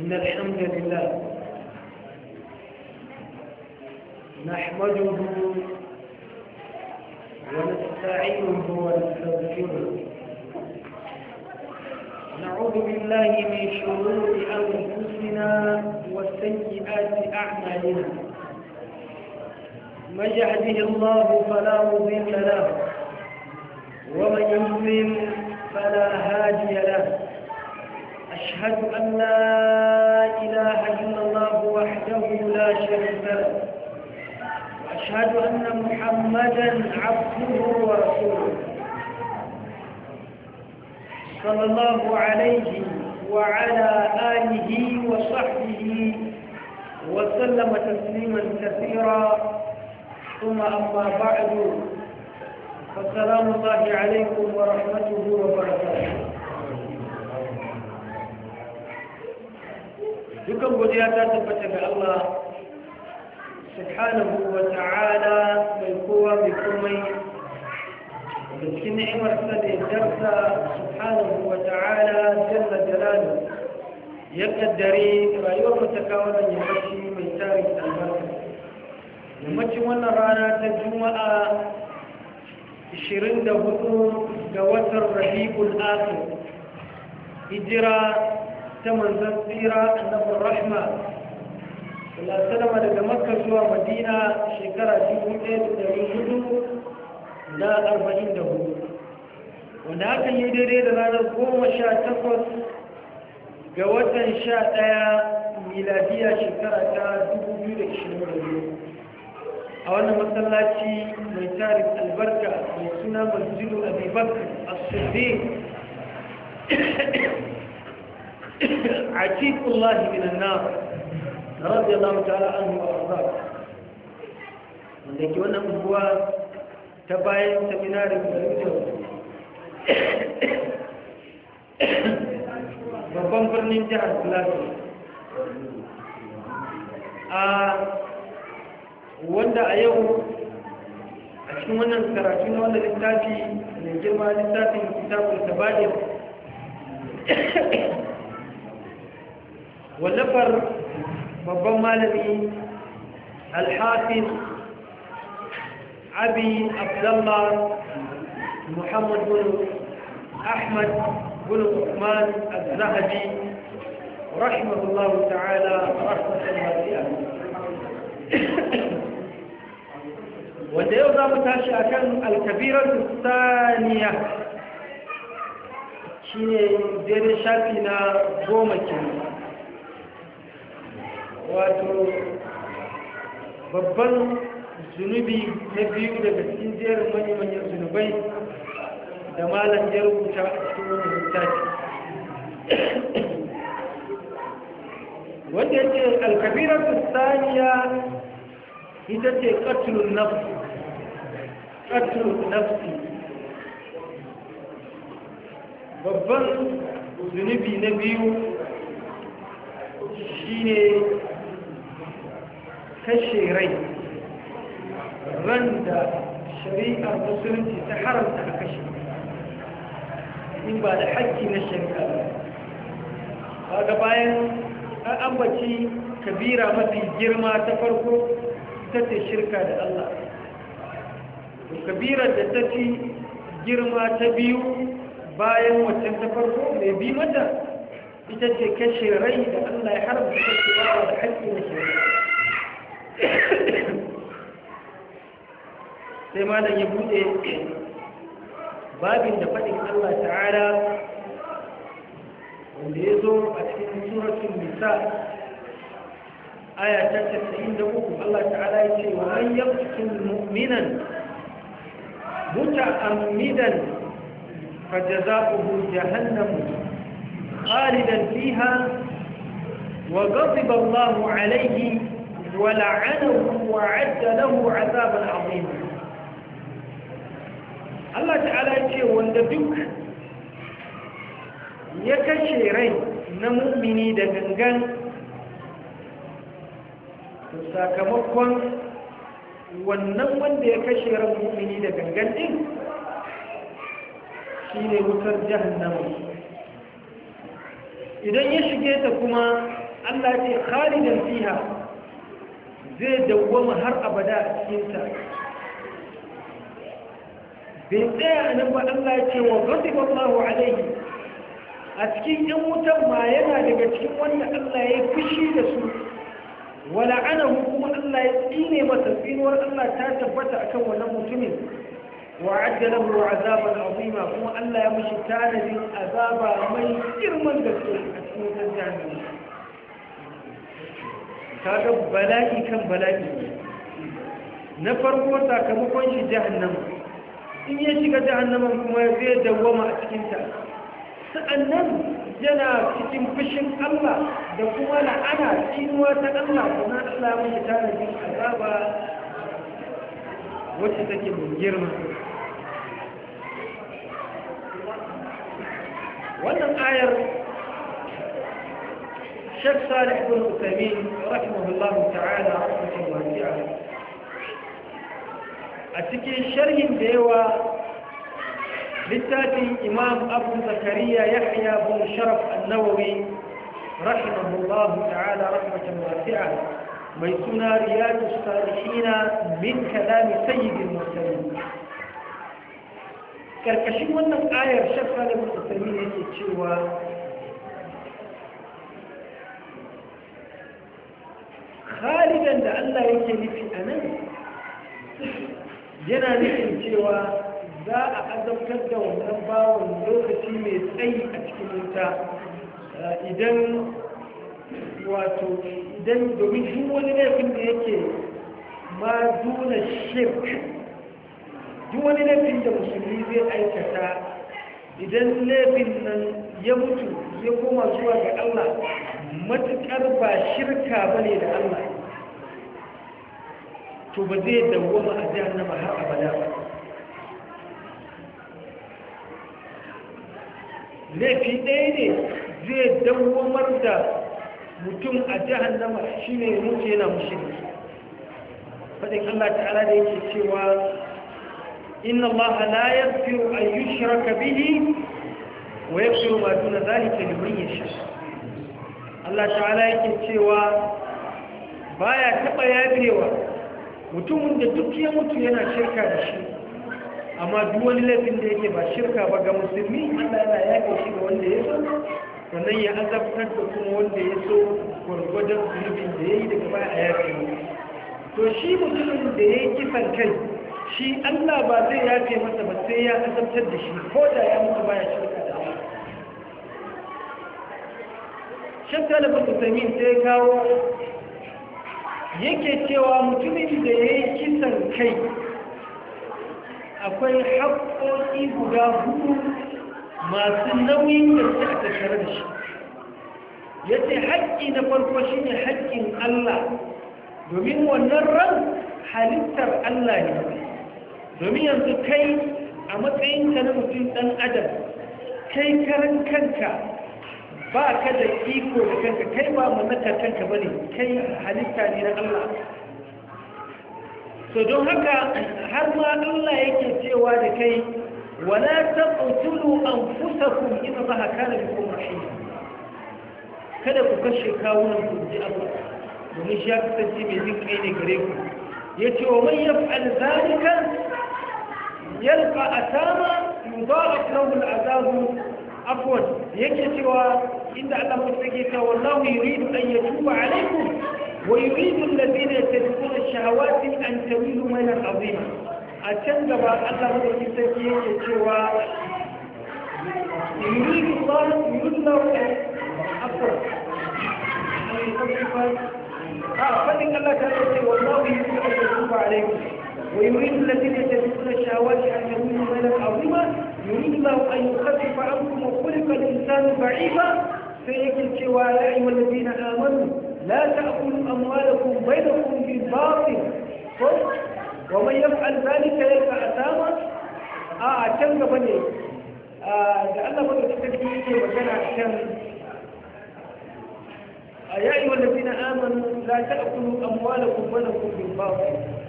إن الحمد لله نحمده ونستعينه ونستغفره نعوذ بالله من شرور أنفسنا وسيئات أعمالنا من يهده الله فلا مضل له ومن يضلل فلا هادي له أشهد أن لا إله إلا الله وحده لا شريك له وأشهد أن محمدا عبده ورسوله صلى الله عليه وعلى آله وصحبه وسلم تسليما كثيرا ثم أما بعد فسلام الله عليكم ورحمته وبركاته dukkan godiya ta tabbata ga Allah subhanahu wa ta'ala mai kowa mai komai da cikin ni'imar sa da darsa subhanahu wa ta'ala jalla jalalu ya kaddare rayuwar mu ta kawo da yammaci mai tarin albarka yammacin wannan rana ta juma'a 24 ga watan rabiul akhir hijira ta manzan tsira annabin rahma salama daga makka zuwa madina shekara 1444 wanda hakan yi daidai da ranar 18 ga watan 11 miladiya shekara ta 2022 a wannan matsalaci mai tarin albarka mai suna masjidu abubakar a عتيق الله من النار رضي الله تعالى عنه وارضاه wanda ke wannan unguwa ta bayan da babban birnin jihar plateau a wanda a yau a cikin wannan karatu na wanda littafi mai girma littafin kitabun tabajin ونفر ربما مالبي الحافظ أبي عبد الله محمد بن احمد بن عثمان الذهبي رحمه الله تعالى رحمه واسعه وديوضا متاشا كان الكبيرة الثانية شيني ديري شاكينا قومة wato babban zunubi na biyu daga cikin jerin manya-manyan zunubai da malam ya rubuta a cikin wani littafi wanda yake ce alkabirar saniya ita ce katulun nafsi katulun nafsi babban zunubi na biyu shine kashe rai ran da shari'ar musulunci ta haramta a kashe in ba da haƙƙi na shari'a ba ga bayan an ambaci kabira mafi girma ta farko ta ce shirka da Allah kabirar da ta fi girma ta biyu bayan waccan ta farko mai bi mata ita ce kashe rai da Allah ya harba ta da haƙƙi na shari'a sai da ya bude babin da faɗin Allah ta'ala wanda ya zo a cikin suratun nisa aya ta 93 Allah ta'ala ya ce wa man cikin mu'minan muta'ammidan fajaza'uhu jahannam khalidan fiha wa وغضب الله عليه ولعنه وعد له عذابا عظيما Allah ta'ala ya ce wanda duk ya kashe rai na mummini da gangan sakamakon wannan wanda ya kashe ran mummini da gangan din shi ne wutar jahannama idan ya shige ta kuma Allah ce khalidan fiha zai dawwama har abada a cikinta bai tsaya nan ba Allah ya ce wa ghadiballahu alaihi a cikin yan wutan ma yana daga cikin wanda Allah ya fushi da su wala ana kuma Allah ya tsine masa tsinuwar Allah ta tabbata akan wannan mutumin wa ajjala lahu azaban azima kuma Allah ya mishi tanadin azaba mai girman gaske a cikin jahannama kaga bala'i kan bala'i na farko sakamakon shi jahannama in ya shiga jahannaman kuma zai dawwama a cikinta sa'annan yana cikin fushin Allah da kuma la'ana tsinuwa ta Allah kuma Allah mai tanadin azaba wacce take mai girma wannan ayar شيخ صالح بن عثيمين رحمه الله تعالى رحمه الله تعالى أتكي شرح ديوة لتاتي إمام أبو زكريا يحيى بن شرف النووي رحمه الله تعالى رحمة واسعة ميسونا رياض الصالحين من كلام سيد المرسلين كالكشف آية أن الآية شفى لابن يتشوى khalidan da Allah yake nufi anan yana nufin cewa za a azabtar da wannan bawon lokaci mai tsayi a cikin wuta eh, idan wato idan domin shi wani laifin da yake ma duna shirk duk wani laifin da musulmi zai aikata idan laifin nan ya mutu ya koma zuwa ga Allah matuƙar ba shirka ba ne da Allah to ba zai dawwama a jihannama har abada ba laifi ɗaya ne zai dawwamar da mutum a jihannama shi ne mutu yana mushirki faɗin Allah ta'ala da yake cewa inna Allah la yaghfiru an yushraka bihi wa yaghfiru ma duna dhalika liman yasha Allah ta'ala yake cewa baya taɓa yafewa mutumin da duk ya mutu yana shirka da shi amma duk wani laifin da yake ba shirka ba ga musulmi Allah yana yafe shi ga wanda ya so sannan ya azabtar da kuma wanda ya so gwargwadon zunubin da ya yi daga baya a yafe to shi mutumin da ya yi kisan kai shi Allah ba zai yafe masa ba sai ya azabtar da shi ko da ya mutu baya shirka shakka da musulmin sai kawo yake cewa mutumin da ya yi kisan kai akwai haƙoƙi guda hudu masu nauyin da su a tattare da shi ya ce haƙƙi na farko shi ne haƙƙin Allah domin wannan ran halittar Allah ne domin yanzu kai a matsayinka na mutum ɗan adam kai karan kanka ba ka da iko da kanka kai ba mallakar kanka bane kai halitta ne na Allah so don haka har ma Allah yake cewa da kai wala taqtulu anfusakum in Allah kana bikum rahim kada ku kashe kawunan ku ji abu domin shi ya kasance mai jin kai ne gare ku ce wa man yaf'al zalika yalqa atama yudha'af lahu al'adabu عفوا يجي سوى إن الله سجيك آه، والله يريد أن يتوب عليكم ويريد الذين يتدفون الشهوات أن تولوا ميلا عظيما أتنبى الله سجيك يجي سوى يريد الله يريد الله عفوا فلك الله تعالى والله يريد أن يتوب عليكم ويريد الذين يتدفون الشهوات أن تولوا ميلا عظيما يريد الله أن يخفف عنكم وخلق الإنسان ضعيفا سيكل سوى آه، آه، آه، يا أيها الذين آمنوا لا تأكلوا أموالكم بينكم بالباطل ومن يفعل ذلك يلقى أثاما آه كم بني da Allah ba da cikin yake magana kan ya yi wanda لا na amanu la ta'kulu amwalakum wa lakum bil batil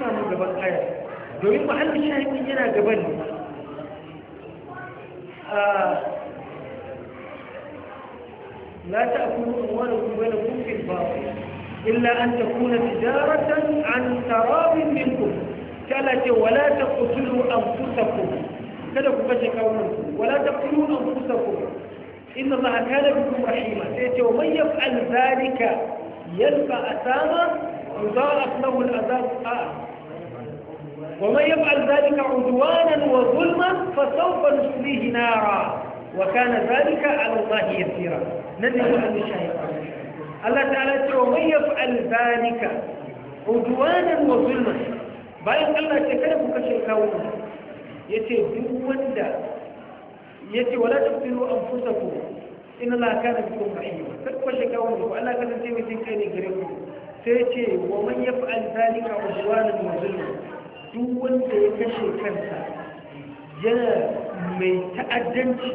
samu gaban aya domin mahallin shahidin yana gaban ne لا تأكلوا أموالكم بينكم في الباطل إلا أن تكون تجارة عن تراب منكم كالت ولا تقتلوا أنفسكم كذا كفاش كونكم ولا تقتلوا أنفسكم إن الله كان بكم رحيما سيأتي ومن يفعل ذلك يلقى أثاما يضاعف له العذاب آه ومن يفعل ذلك عدوانا وظلما فسوف نسليه نارا وكان ذلك على الله يسيرا نزل عن الشهيد الله تعالى يقول ومن يفعل ذلك عدوانا وظلما بايك الله تكلم كشيء كونه يتبه وندا يتي ولا تقتلوا انفسكم ان الله كان بكم رحيما كشيء كونه الله وعلى كلمتين كان قريبه ومن يفعل ذلك عدوانا وظلما duk wanda ya kashe kansa yana mai ta'addanci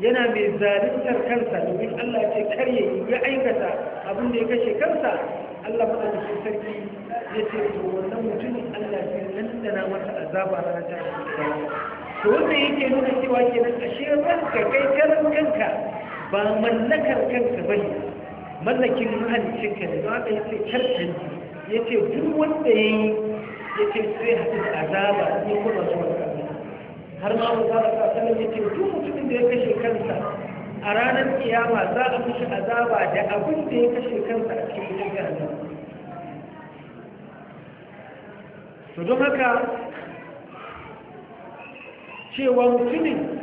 yana mai zalintar kansa domin Allah ce karye ya aikata abin da ya kashe kansa Allah madaukakin sarki ya ce to wannan mutumin Allah zai lantana masa azaba ranar ta to wanda yake nuna cewa kenan ashe ranka kai karan kanka ba mallakar kanka ba. mallakin mahallicin ka ne don haka yace karkan duk wanda ya yace azaba ne kuma su har ma mu zaba ta ke duk mutumin da ya kashe kansa a ranar kiyama za a mishi azaba da abin da ya kashe kansa a cikin cikin jahannam to don haka cewa mutumin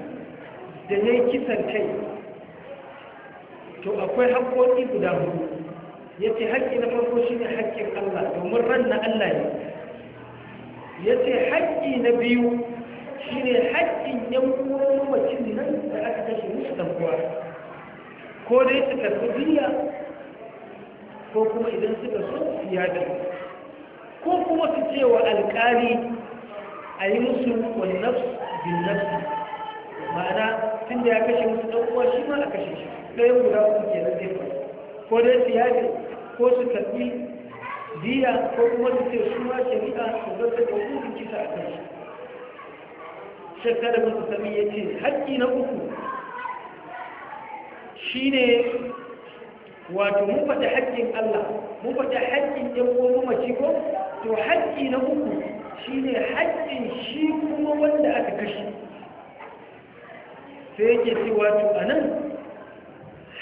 da ya yi kisan kai to akwai haƙoƙi guda hudu ya ce haƙƙi na farko shi ne haƙƙin Allah domin ran na Allah ne ya ce haƙƙi na biyu shi ne haƙƙin yan uwan mamacin nan da aka kashe musu ɗan'uwa ko dai suka karɓi biya ko kuma idan suka so ya yada ko kuma su ce wa alƙali a yi musu wannan bin nafsu ma'ana tun da ya kashe musu ɗan'uwa shi ma a kashe shi ɗayan guda kuma ke nan zai ko dai su yada ko su karɓi diya ko kuma su ce su ma shari'a su zarta da hukuncin kisa a kan shi shekara masu sami ya ce haƙƙi na uku shi ne wato mun faɗi haƙƙin Allah mun faɗi haƙƙin ɗan uwan mace ko to haƙƙi na uku shi ne haƙƙin shi kuma wanda aka kashe sai yake ce wato a nan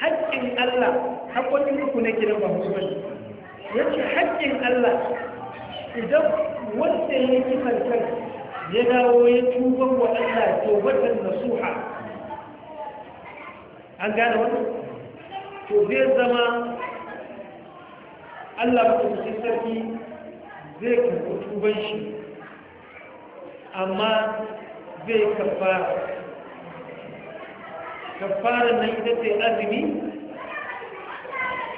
haƙƙin Allah haƙƙoƙin uku na gidan ba hukumar ya ce haƙƙin Allah idan wanda ya yi kankan ya dawo ya tuban wa Allah tobatan nasuha an gane wannan to zai zama Allah mutum sarki zai karɓi tuban shi amma zai kafara kafara na ita ce azumi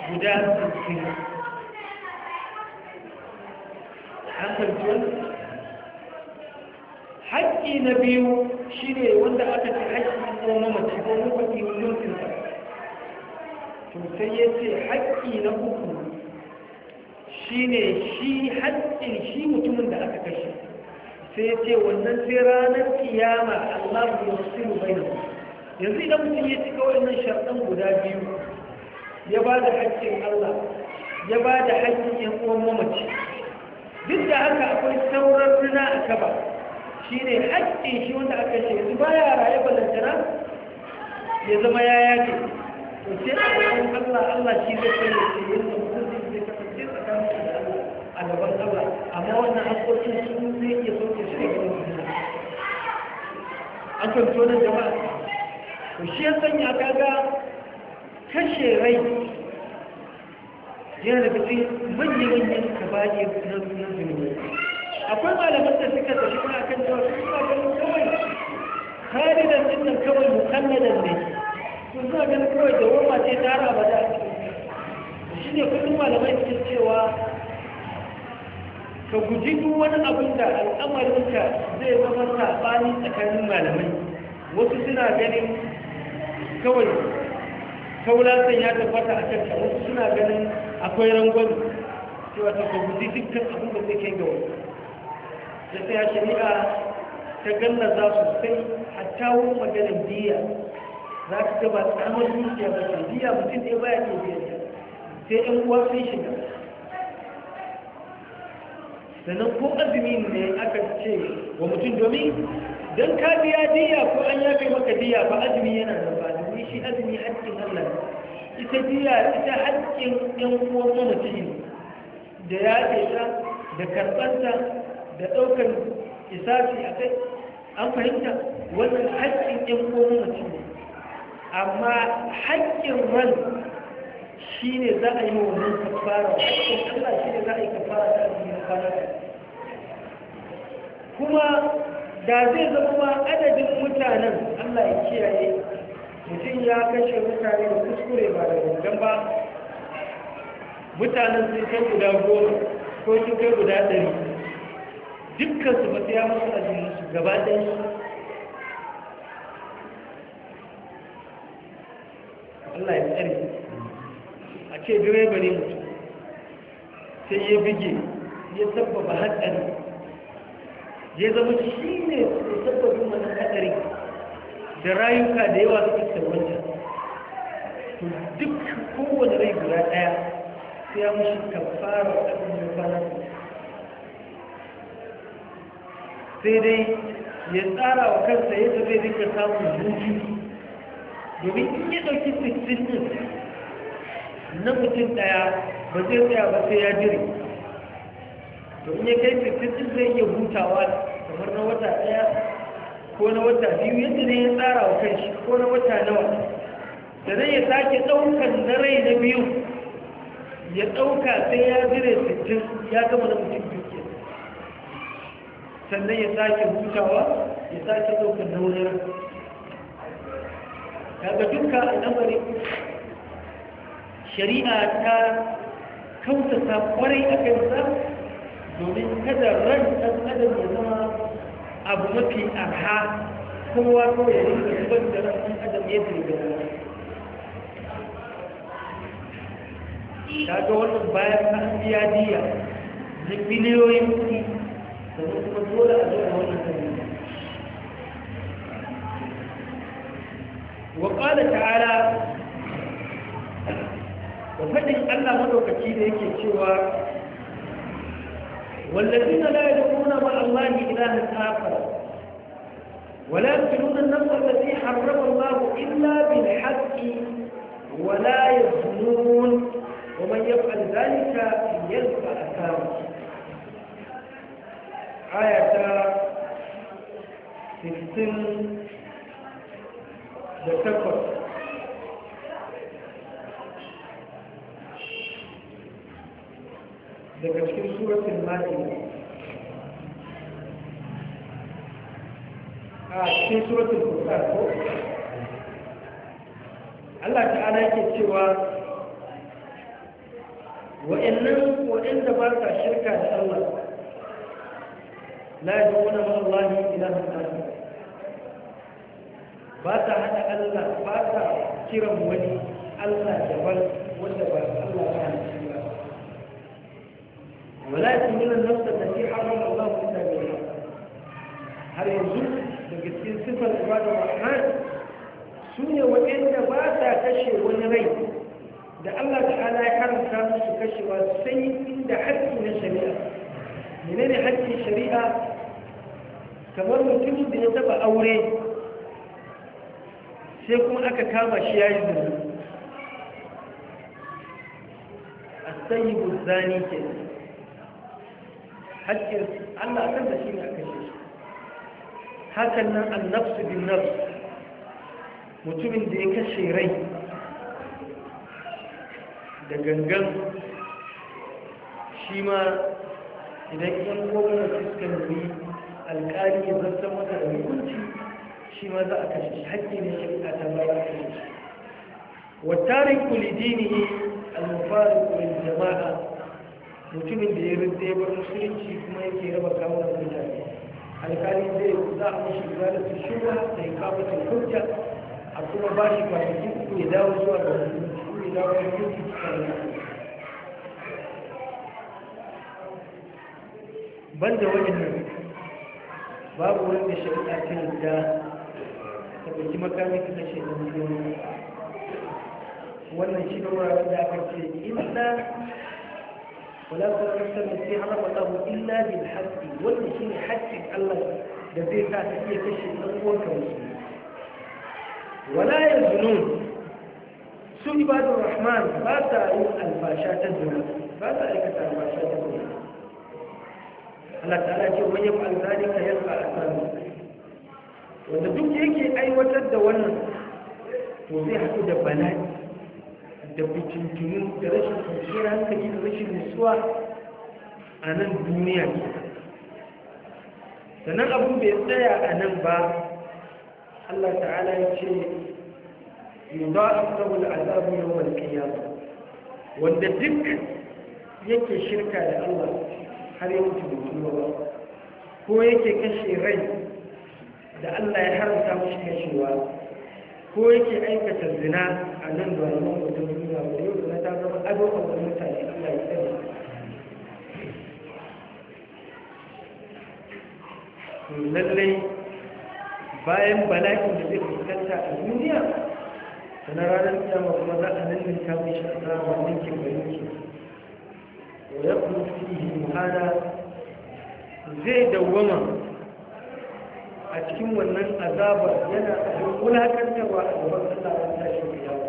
guda 60 an haƙƙi na biyu shi ne wanda aka ce haƙƙi ko mace ko mafaƙi mutuncinsa to sai ya ce haƙƙi na uku shi ne shi haƙƙin shi mutumin da aka kashe sai ya ce wannan sai ranar kiyama Allah ya silu bai da yanzu idan mutum ya cika wannan sharɗan guda biyu ya ba da haƙƙin Allah ya ba da haƙƙin ƴan uwan mamaci duk da haka akwai sauran rina a kaba shi ne haƙƙin shi wanda aka ce yanzu ba ya raye balantana ya zama ya yaƙi to sai a wajen allah allah shi zai kai da ce yadda mutum zai kasance tsakanin da allah a gaban allah amma wannan haƙƙoƙin su zai iya sauke shi a gaban mutum an jama'a to shi ya sanya kaga kashe rai yana daga cikin manya-manyan kabaje na zunubi akwai malaman da suka tafi kuma akan cewa su suna ganin kawai khalidan din nan kawai mukalladan ne su suna ganin kawai da wama ce tara ba da shi ne kullum malamai suke cewa ka guji duk wani abin da al'amarinka zai zama saɓani tsakanin malamai wasu suna ganin kawai kaulatan ya tabbata a kanta, wasu suna ganin akwai rangon cewa ta kwabuzi dukkan abin da suke ga wani da sai a shari'a ta ganna za su sai a tawo maganin biya za ka gaba tsamar zuciya ba ce biya mutum ɗaya baya ke biya sai ɗan uwa sun shiga sannan ko azumi ne aka ce wa mutum domin don ka biya biya ko an ya kai maka biya ba ita biya ita haƙƙin ɗan uwan mamaci da ya ta da karɓanta da ɗaukar isafi a kai an fahimta wannan haƙƙin ɗan uwan mamaci ne amma haƙƙin man shi ne za a yi wa wannan kafara haƙƙin allah shi ne za a yi kafara ta ajiye kwana kuma da zai zama adadin mutanen allah ya kiyaye mutum ya kashe mutane da kuskure ba da gangan ba mutanen sun kai guda goma ko sun kai guda ɗari dukkan su mutu ya masu su gaba ɗaya Allah ya tsari a ce direba ne mutum sai ya bige ya ba hatsari ya zama shi ne sabbabin wani hatsari da rayuka da yawa suke sarwanta to duk kowane rai guda ɗaya sai ya mushi kafara abin da kwana sai dai ya tsara wa kansa yadda zai rika samun zuci domin in ya ɗauki sittin na mutum ɗaya ba zai tsaya ba sai ya jiri domin ya kai sittin ɗin zai iya hutawa kamar na wata daya ko na wata biyu yadda ne ya tsara wa kanshi ko na wata nawa da zai ya sake ɗaukar na rai na biyu ya ɗauka sai ya jire sittin ya gama na mutum biyu sannan ya sake hutawa ya sake ɗaukar na wani rai daga duka a al'amarin shari'a ta kautata kwarai a kansa domin kada ran abu mafi arha kowa kawai ya rinka zubar da ɗan adam ya dinga ta ga wannan bayan an biya diya da biliyoyin kuɗi da kuma dole a zuwa wannan kalli wa ƙwada ta'ala da faɗin allah maɗaukaci da yake cewa والذين لا يدعون مع الله إلها آخر ولا يقتلون النفس التي حرم الله إلا بالحق ولا يظنون ومن يفعل ذلك يلقى أثاره آية 16 تكفر daga cikin سورة المائدة a Allah ta'ala yake cewa wa'annan wa'anda ba sa shirka da Allah la yad'una wani Allah ilahan akhar ba ta hada Allah ba ta kiran wani Allah daban wanda ba Allah ba ne ولا يكون النفس التي حرم الله da بالحق هل يجوز daga cikin sifar ibadar rahman su ne waɗanda ba sa kashe wani rai da Allah ta'ala ya haramta musu kashewa sai inda haƙƙi na shari'a menene haƙƙin shari'a kamar mutumin da ya taɓa aure sai kuma aka kama shi ya yi zuru a sayi buzani ke haƙƙin Allah kan da shi ne aka hakan nan annafsu bin nafs mutumin da ya kashe rai da gangan shi ma idan yan gwamna fiskan yi alkali ya zarta mata da hukunci shi ma za a kashe shi haƙƙi ne shi a tambaya a kashe shi wattarin kulidini alfarin kulin jama'a mutumin da ya rinta ya bar musulunci kuma yake raba kawo da mutane alkali zai za a mishi ibadatu shubha da ta hujja a kuma ba shi kwanaki uku ya dawo zuwa ga hukunci ya dawo ga Ban da wajen babu wanda shari'a ta yadda ta ɗauki makami ta kashe da miliyoyi wannan shi ne wanda aka ce illa ولا تكفت المسيح رفضه إلا بالحق والمسيح حق الله الذي فاتحية تشهد أقوى كمسلم ولا يزنون su ibadun rahman ba ta yi albasha ta zuna ba ta aikata albasha ta zuna Allah ta'ala ce wani yafi alzari ka yalba a sami wanda duk yake aiwatar da wannan to haɗu da bala'i da fitintunu da rashin kwanciyar hankali da rashin nutsuwa a nan duniya ne sannan abu bai tsaya a nan ba Allah ta'ala ya ce yuba da azabu ya ba. wanda duk yake shirka da Allah har ya mutu da ba ko yake kashe rai da Allah ya haramta mashi kashewa ko yake aikata zina a nan da wani mutum duniya ba yau na ta zama ado a wani mutane Allah ya tsare lallai bayan balakin da zai fuskanta a duniya da na ranar kiyama kuma za a nan ta mai shi a tsara ninkin bayanci wa ya kuma fi muhada zai dawwama a cikin wannan azabar yana abin wulakantarwa a gaban Allah ran tashi mai yawa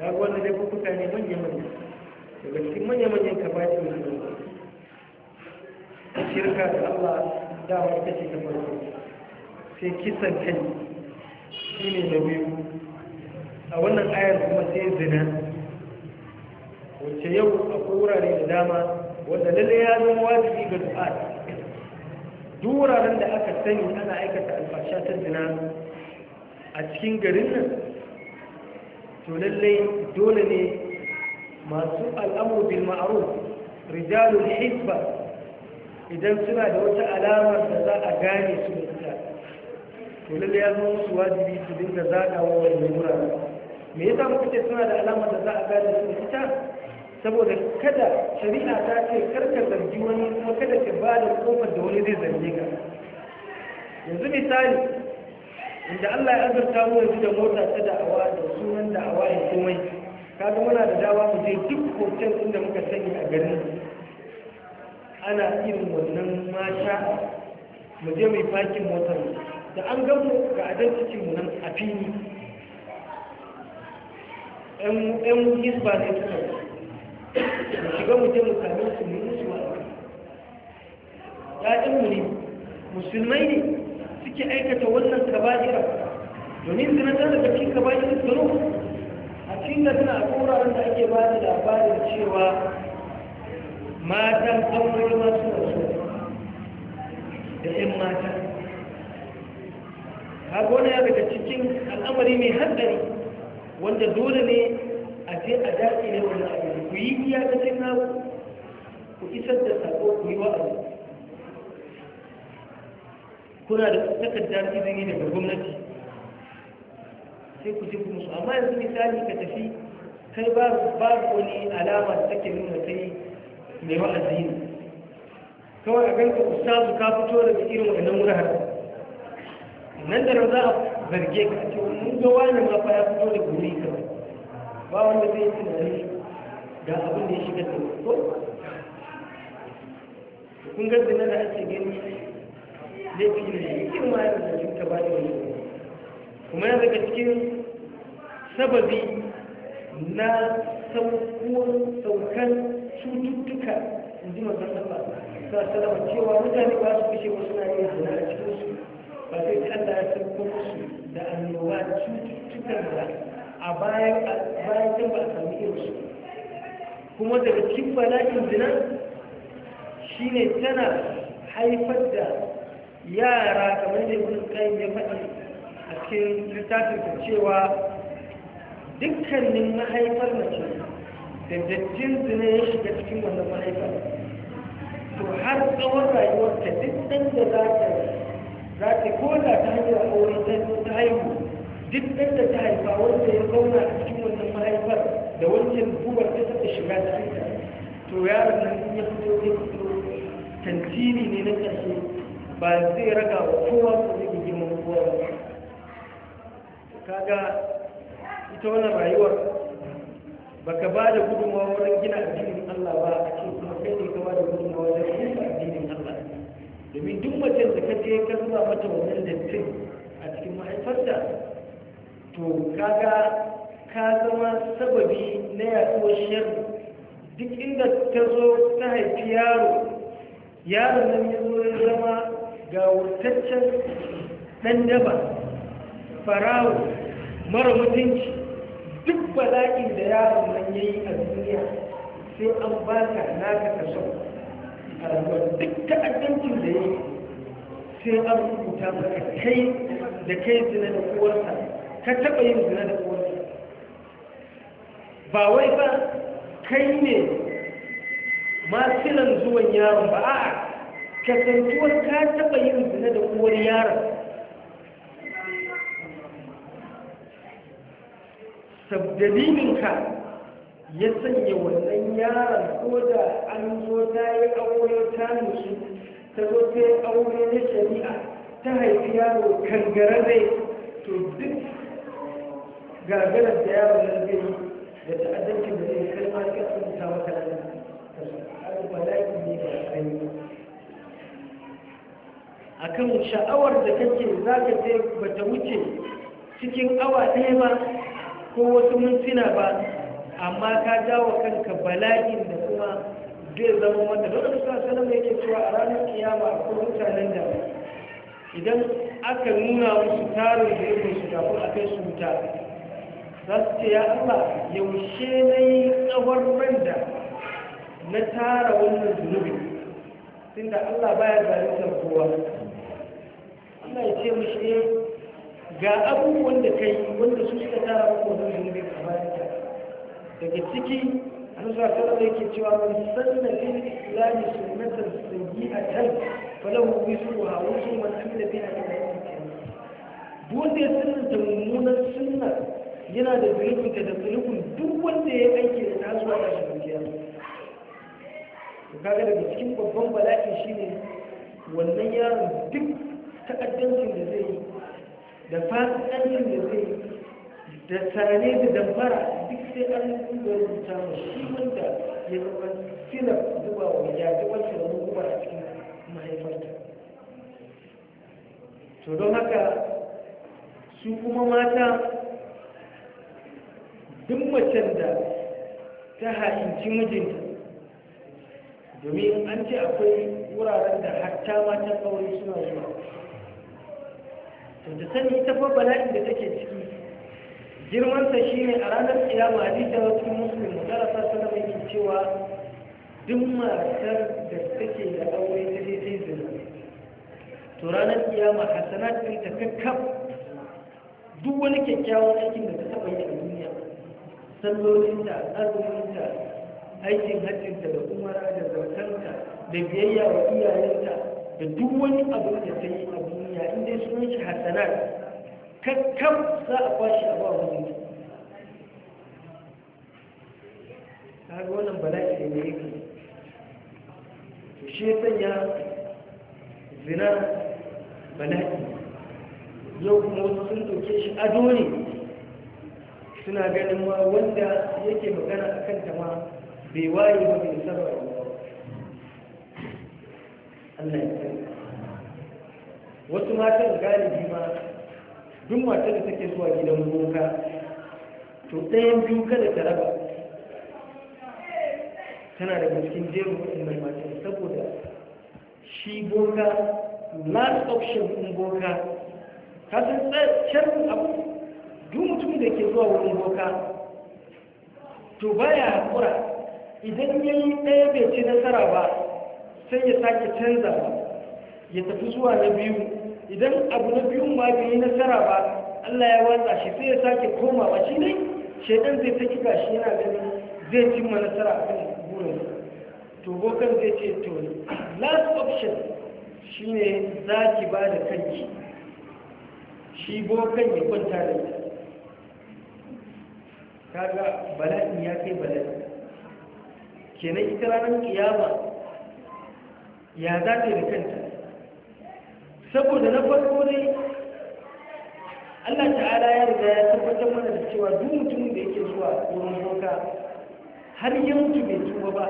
ga wannan dai kuka ne manya-manya daga cikin manya-manyan kabaci mai zuwa shirka da Allah dama ita ce ta farko sai kisan kai shi ne na biyu a wannan ayar kuma sai zina wacce yau akwai wurare da dama wanda lalle ya zama wajibi ga du'a duk wuraren da aka sani ana aikata alfasha ta zina a cikin garin nan to lallai dole ne masu al'amur bil ma'aruf rijalul hizba idan suna da wata alama da za a gane su da ita to lallai ya zama musu wajibi su dinga zaɗawa wani wuraren me yasa muka ce suna da alama da za a gane su da ita saboda kada shari'a ta ce karkar zargi wani kuma kada ka ba da kofar da wani zai zargi ka yanzu misali inda Allah ya azurta mu yanzu da mota ta da'awa da sunan da'awa ya komai kaga muna da dawa mu je duk hoton inda muka sani a garin ana irin wannan mata mu je mai fakin motar da an mu ga adan cikin mu nan a fini ɗan hisba ne suka mu shiga mu je su ne musu ba mu ne musulmai ne suke aikata wannan kaba'ira domin na ta daga cikin kaba'ira zuru a cikin da suna wuraren wanda ake ba da labarin cewa matan aure masu wasu da 'yan mata haka wani ya daga cikin al'amari mai haddari wanda dole ne a je a daƙi ne wani ku yi iya ganin naku ku isar da sako ku yi wa'azi kuna da takardar izini daga gwamnati sai ku je ku musu amma yanzu misali ka tafi kai babu wani alama da take nuna kai mai wa'azi ne kawai a ganka ustazu ka fito daga irin wannan wuraren nan da za a zarge ka ce mun ga wani ma fa ya fito da guri ka ba wanda zai yi tunani ga abin da ya shiga da ko kun ga na da ake gani laifin da ya ma ya da cikin ba da wani kuma ya daga cikin sababi na saukan cututtuka in ji mazan Allah sa salama cewa mutane ba su kashe wasu na yin zina a cikinsu ba sai ta Allah ya sauko musu da annoba cututtukan da a bayan can ba a sami irinsu kuma daga cikin bala'in zina ne tana haifar da yara kamar da ibn kayan ya faɗi a cikin littafin cewa dukkanin mahaifar mace da dattin zina ya shiga cikin wannan mahaifar to har tsawon rayuwar ta duk ɗan da za ta za ta koda ta hanyar aure ta haihu duk ɗan da ta haifa wanda ya zauna a cikin wannan mahaifar da wancan buwar to yaron nan ya fito ya fito tantini ne na ƙarshe ba zai raga wa kowa ko zai girman kowa ba kaga ita wannan rayuwar baka ba da gudunmawa wurin gina addinin Allah ba a ce kuma kai ne ka ba da gudunmawa wajen gina addinin Allah domin duk mace da ka je ka zuwa mata wannan dattin a cikin mahaifarta to kaga ka zama sababi na yaduwar shirin duk inda ta zo ta haifi yaro yaro nan ya zo ya zama ga wutaccen ɗan daba farawo mara mutunci duk bala'in da yaron nan ya yi a duniya sai an ba ka naka sau a duk ta'addancin da ya yi sai an rubuta maka kai da kai zina da kowarsa ka taɓa yin zina da kowarsa ba wai ba kai ne masilan zuwan yaron ba a'a kasantuwar ka taɓa yin zina da uwar yaron sabdalininka ya sanya wannan yaron ko da an zo ta yi aure ta nushi ta zo ta yi aure na shari'a ta haifi yaro kangararre to duk gagarar da yaron nan zai yi da ta'addancin da zai kai ma da ne akan sha'awar da kake za ka bata ba ta wuce cikin awa ɗaya ba ko wasu mintuna ba amma ka dawo kanka bala'in da kuma zai zama wanda dole sa da yake cewa a ranar kiyama a kuma mutanen da idan aka nuna musu tarin da kai su kafin a kai su wuta zasu ce ya Allah yaushe na yi tsawon randa na tara wannan zunubin sun da Allah baya zaluntar kowa Allah ya ce mashi eh, ga abubuwan da kai wanda su suka tara wannan zunubi a bayan daga ciki an zuwa tara da yake cewa man sannan yin islami sunnatan sayyi'atan falahu mithluha wa man amila biha ila a al-qiyamah duk wanda ya da mummunan sunan. yana da zunubinta da zunubin duk wanda ya aiki da tasowa ya shi dukiya gaga daga cikin babban bala'i shine wannan yaron duk ta'addancin da zai yi da fasikancin da zai yi da tare da damfara duk sai an duba rubuta ma shi wanda ya zama sila zuba wa ya ga wacce da mugubar a cikin mahaifarta to don haka su kuma mata duk macen da ta ha'inci mijinta domin an ce akwai wuraren da hatta matan aure suna zuwa to da sani ta fa bala'in da take ciki girmansa shi ne a ranar kiyama hadisa wasu musulun mutarasa sana mai cewa duk matar da take da aure ta zai sai zina to ranar kiyama sanar ɗin ta kakkaf duk wani kyakkyawan aikin da ta taɓa yi a duniya sallolinta azuminta aikin hajjinta da kuma da zartanta da biyayya wa iyayenta da duk wani abu da ta yi a duniya Inda su sun shi hasanat za a kwashi abu a wani ga wannan bala'i da ne yake to shi sanya zina bala'i yau kuma wasu sun doke shi ado ne suna ganin ma wanda yake magana a kanta ma bai waye ba mai san ba Allah ya sani wasu matan galibi ma duk matar da take zuwa gidan boka to ɗayan biyu kada ta raba tana da cikin jerin waɗin mai matan saboda shi boka last option in boka ka san tsarkin abu duk mutum da ke zuwa wurin boka to baya haƙura idan ya yi ɗaya bai ci nasara ba sai ya sake canza ya tafi zuwa na biyu idan abu na biyun ba bai yi nasara ba allah ya watsa shi sai ya sake komawa shi ne shaidan zai ta kika shi yana ganin zai cimma nasara a kan burin to bokan zai ce to last option shine za ki ba da kanki shi bokan ya kwanta da ita kaga bala'in ya kai bala'i kenan ita ranar kiyama ya za ta da kanta saboda na farko dai Allah ta'ala ya riga ya tabbatar mana da cewa duk mutum da yake zuwa wurin boka har yanki bai tuba ba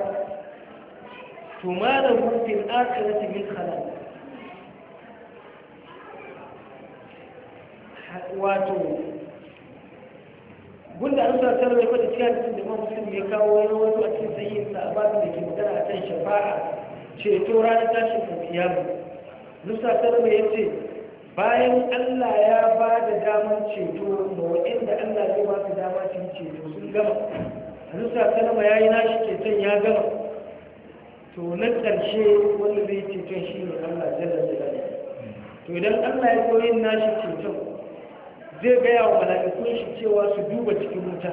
to ma da rufin akirati yin halal wato wanda an sa sarrafa kwata cikin cikin da mamusulun ya kawo wani wasu a cikin sayin sa a da ke magana a kan shafa'a ceto ranar tashin alkiyama musa sarrafa ya ce bayan allah ya ba da damar ceto ma waɗanda allah zai ba su dama su ceto sun gama musa sarrafa ya yi nashi ceton ya gama to na ƙarshe wanda zai ceton shi ne allah jalla jalla to idan allah ya koyi nashi ceton zai gaya wa malakasun shi cewa su duba cikin wuta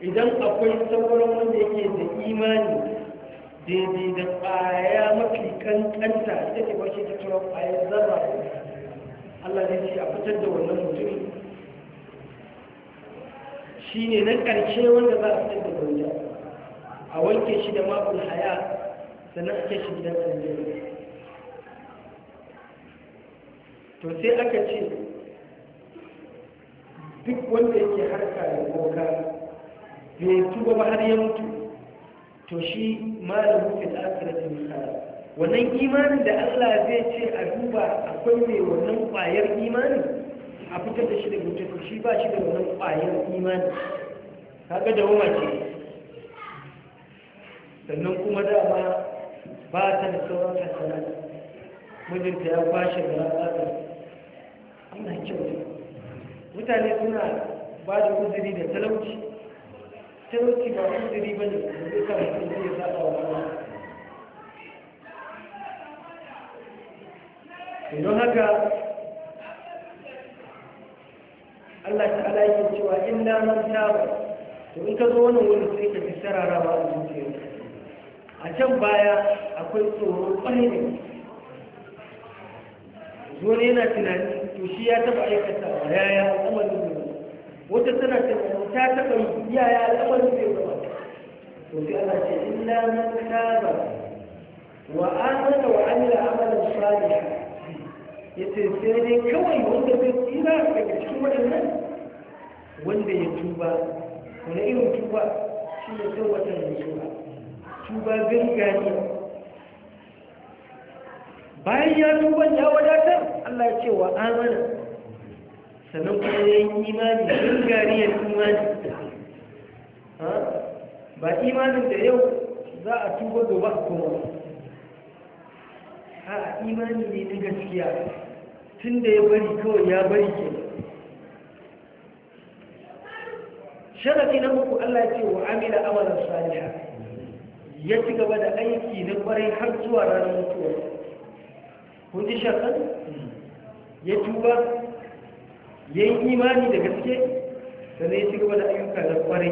idan akwai sauran wanda yake da imani daidai da ƙwaya mafi kankanta ita ke bashi ta tura ƙwayar zarra Allah zai ce a fitar da wannan mutum shi ne na ƙarshe wanda za a fitar da wanda a wanke shi da makon haya sannan ake shi gidan sanjiyar to sai aka ce duk wanda yake harka da boka bai ci ba har ya mutu to shi malamu fi al'akirati misali wannan imanin da Allah zai ce a duba akwai mai wannan kwayar imani a fitar da shi da mutu to shi ba shi da wannan kwayar imani kaga da wama ce sannan kuma dama ba ta da sauran kasana mijinta ya kwashe da ranar Allah kyauta mutane suna ba da uzuri da talauci talauci ba uzuri ba ne da zai sa da zai saba wa Allah don haka Allah ta ala yake cewa in na man taba to in ka zo wani wurin sai ka fi ba a zuciyarka a can baya akwai tsoro kwarai da zuwa yana tunani to shi ya taba aikata yaya al'amarin ne ba wata tana ta ta taba yaya al'amarin ne ba to sai Allah ce illa man taba wa amana wa amila amalan salih yace sai dai kawai wanda zai tsira daga cikin waɗannan wanda ya tuba wani irin tuba shi ne tawbatar da tuba tuba gangani bayan ya tuban ya wadatar Allah ya ce wa amana sannan kuma ya yi imani yin gariyar imani ba imanin da yau za a tuba gobe a kuma a imani ne na gaskiya tun da ya bari kawai ya bari ke sharafi na muku Allah ce wa amila amalan saliha ya ci gaba da aiki na kwarai har zuwa ranar mutuwa kun ji shakkan ya tuba ya yi imani da gaske da zai ci gaba da ayyuka da kware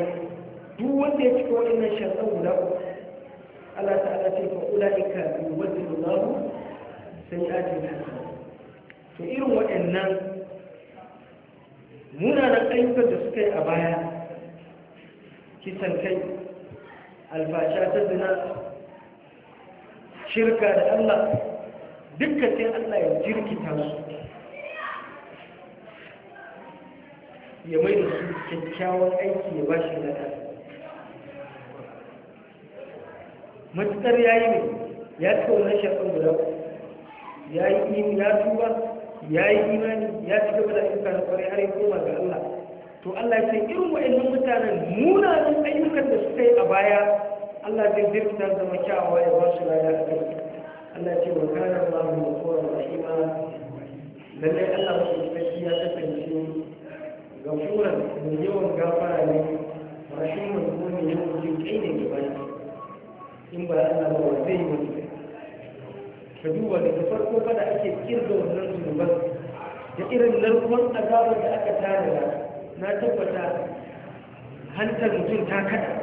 duk wanda ya cika waɗannan shakkan guda uku Allah ta'ala ce fa ulaika yuwaddilu Allah sayyi'atihim hasanat to irin waɗannan munanan ayyukan da suka yi a baya kisan kai alfasha ta zina shirka da Allah dukka sai Allah ya jirkita su ya mai da su kyakkyawan aiki ya ba shi ta. matuƙar ya yi ne ya ci wannan shafin guda ya yi imi ya tuba ya yi imani ya ci gaba da ayyuka na kwarai har yi koma ga Allah to Allah ya ce irin wa'annan mutanen munanan ayyukan da suka yi a baya Allah zai jirkita zama kyawawa ya ba su lada a kai Allah ce wa kana Allah mu mutuwar rahima lalle Allah mu shi ya Ga gafuran mu yawan gafara ne rashin mu kuma ne yawan jin kai ne gaba in ba Allah ba wa zai mutu ka duba daga farko kada ake kirga wannan zunuban da irin larkuwan azabar da aka tanada na tabbata hantar mutum ta kada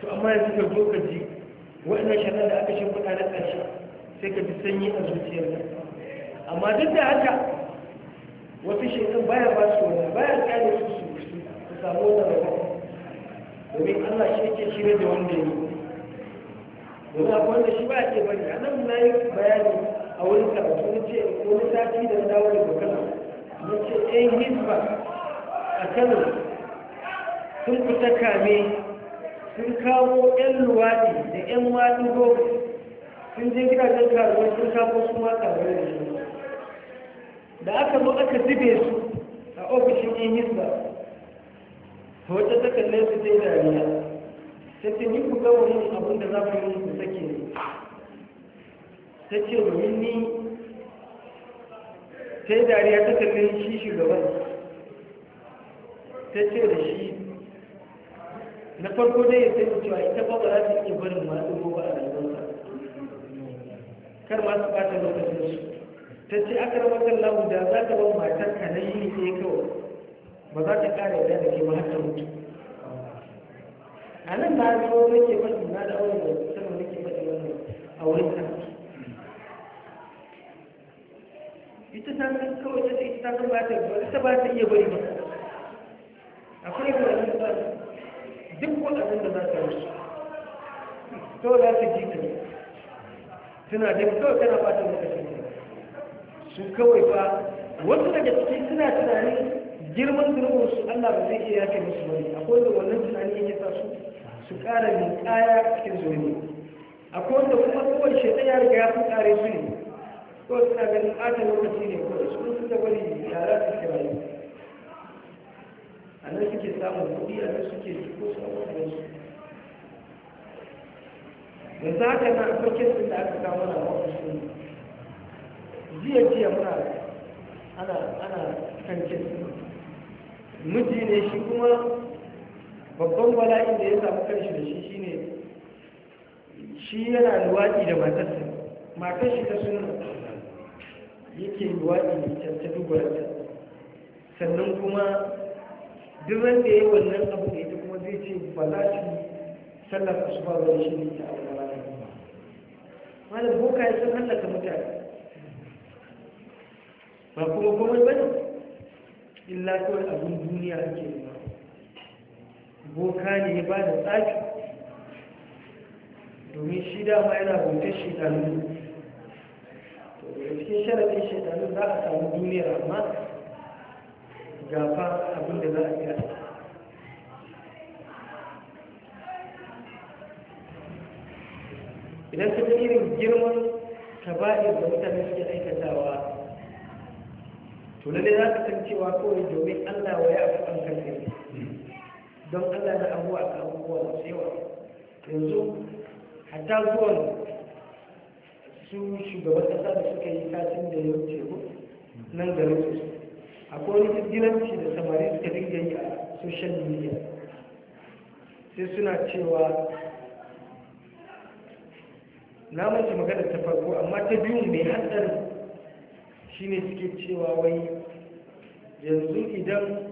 to amma yanzu ka zo ka ji waɗannan shanar da aka shimfiɗa na ƙarshe sai ka ji sanyi a zuciyar amma duk da haka wasu shaitan baya ba su wani baya kyale su su su samu wata rafa domin allah shi ke shirya da wanda ya yi domin akwai wanda shi ba ya ke bari a nan na yi bayani a wurin karatu na ce wani sati da dawo daga kano na ce ɗayan eh, hizba a kano sun fita kame sun kawo ƴan luwaɗi da ƴan waɗin lokaci sun je gidajen karuwa sun kafo su ma karuwa da shi da aka zo aka zube su a ofishin yin hisba a wata ta su ta yi dariya ta ce ni ku gawo yin abin da za ku yi ku sake ne ta ce domin ni ta yi dariya ta kalli shi shugaban ta ce da shi na farko dai ya sai cewa ita ba ba za ta iya barin masu ko ba a kar ma su bata lokacin su ta ce aka rawatar lahu da za ta ban matar ka na yini ne kawai ba za ta kare da da ke ba har ta mutu a nan ba zo nake faɗi na da auren da sama ke faɗi wannan a wurin karatu ita ta san kawai ta ce, ita ta san ba ta ba ta ba ta iya bari ba akwai ba ta ba duk wani abin da za ta yi kawai za ta ji ta ne suna da kawai tana fata lokacin su kawai fa wasu daga ciki suna tunanin girman zunubin su Allah ba zai iya yake musu wani akwai da wannan tunani yake sa su su kara min kaya cikin zuwa akwai wanda kuma kawai shekai ya riga ya fi kare su ne kawai suna ganin ɓata lokaci ne kawai su kun da wani yara su ke rayu a nan suke samun kuɗi a nan suke ko su abubuwan su yanzu haka na akwai kesin da aka kawo na ofishin jiya jiya muna ana ana kan kesin miji ne shi kuma babban bala'in da ya samu kanshi da shi shi ne shi yana luwaɗi da matarsa matar shi ta suna yake luwaɗi da ita ta dubarta sannan kuma duk wanda ya yi wannan abu da ita kuma zai ce ba za shi sallar asuba ba shi ne ta abu malam boka ya sun hallaka mutane ba kuma komai bane illa kawai abin duniya ake nema boka ne ya ba da tsaki domin shi dama yana bautar shekaru da cikin sharafin shekaru za a samu duniyar amma gafa abin da za a yi idan ka irin girman kaba'ir da mutane suke aikatawa to lalle za ka san cewa kawai domin allah wa ya fi an ne. don allah na abuwa ka abubuwa masu yawa yanzu hatta zuwan su shugaban kasa da suka yi kacin da ya wuce nan da su akwai wani gilanci da samari suka dinga yi a social media sai suna cewa na mace magana ta farko amma ta biyun mai Shi ne suke cewa wai yanzu idan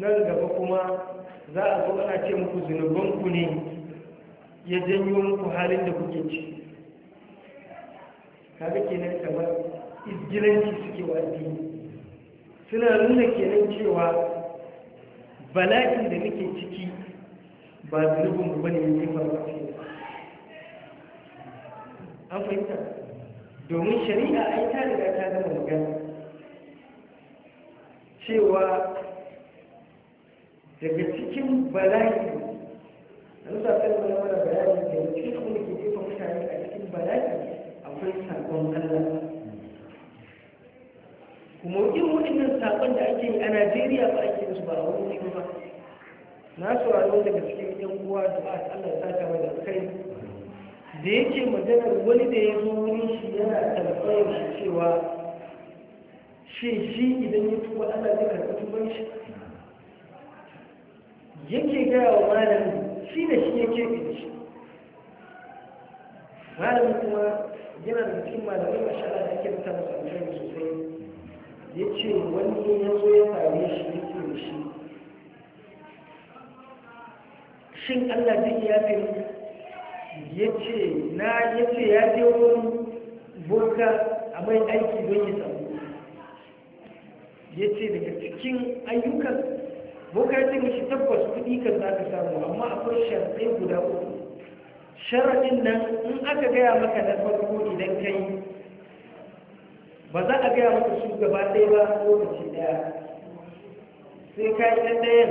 nan gaba kuma za a zo ana ce muku zunubanku ne ya janyo muku halin da kuke ci kaga kenan kamar izgilanci suke wadi suna nuna kenan cewa bala'in da nake ciki ba zunubin mu bane mai faruwa ce an fahimta domin shari'a ai ta riga ta gama magana cewa daga cikin bala'i an sa kan mana mana bayani da ya ce kuma ke jefa mutane a cikin bala'i akwai sakon Allah kuma irin waɗannan sakon da ake yi a Najeriya ba ake su ba a wani ba na sauraro daga cikin yan uwa da Allah ya saka mai da kai da yake maganar wani da ya zo wurin shi yana tambayar shi cewa shi shi idan ya tuba ana da karɓi tuban shi yake gaya wa malami shi da shi yake ke shi malami kuma yana da cikin malamai masha Allah da ake fita masa alheri sosai ya ce wani ne ya zo ya same shi ya ce shi shin Allah zai iya fi ya ce na ya ya je wurin burka a mai aiki don ya samu ya daga cikin ayyukan boka ya ce shi tabbas kuɗi kan za ka samu amma akwai sharɗai guda uku sharaɗin nan in aka gaya maka na farko idan ka yi ba za a gaya maka su gaba ɗaya ba lokaci ɗaya sai ka yi ɗan ɗayan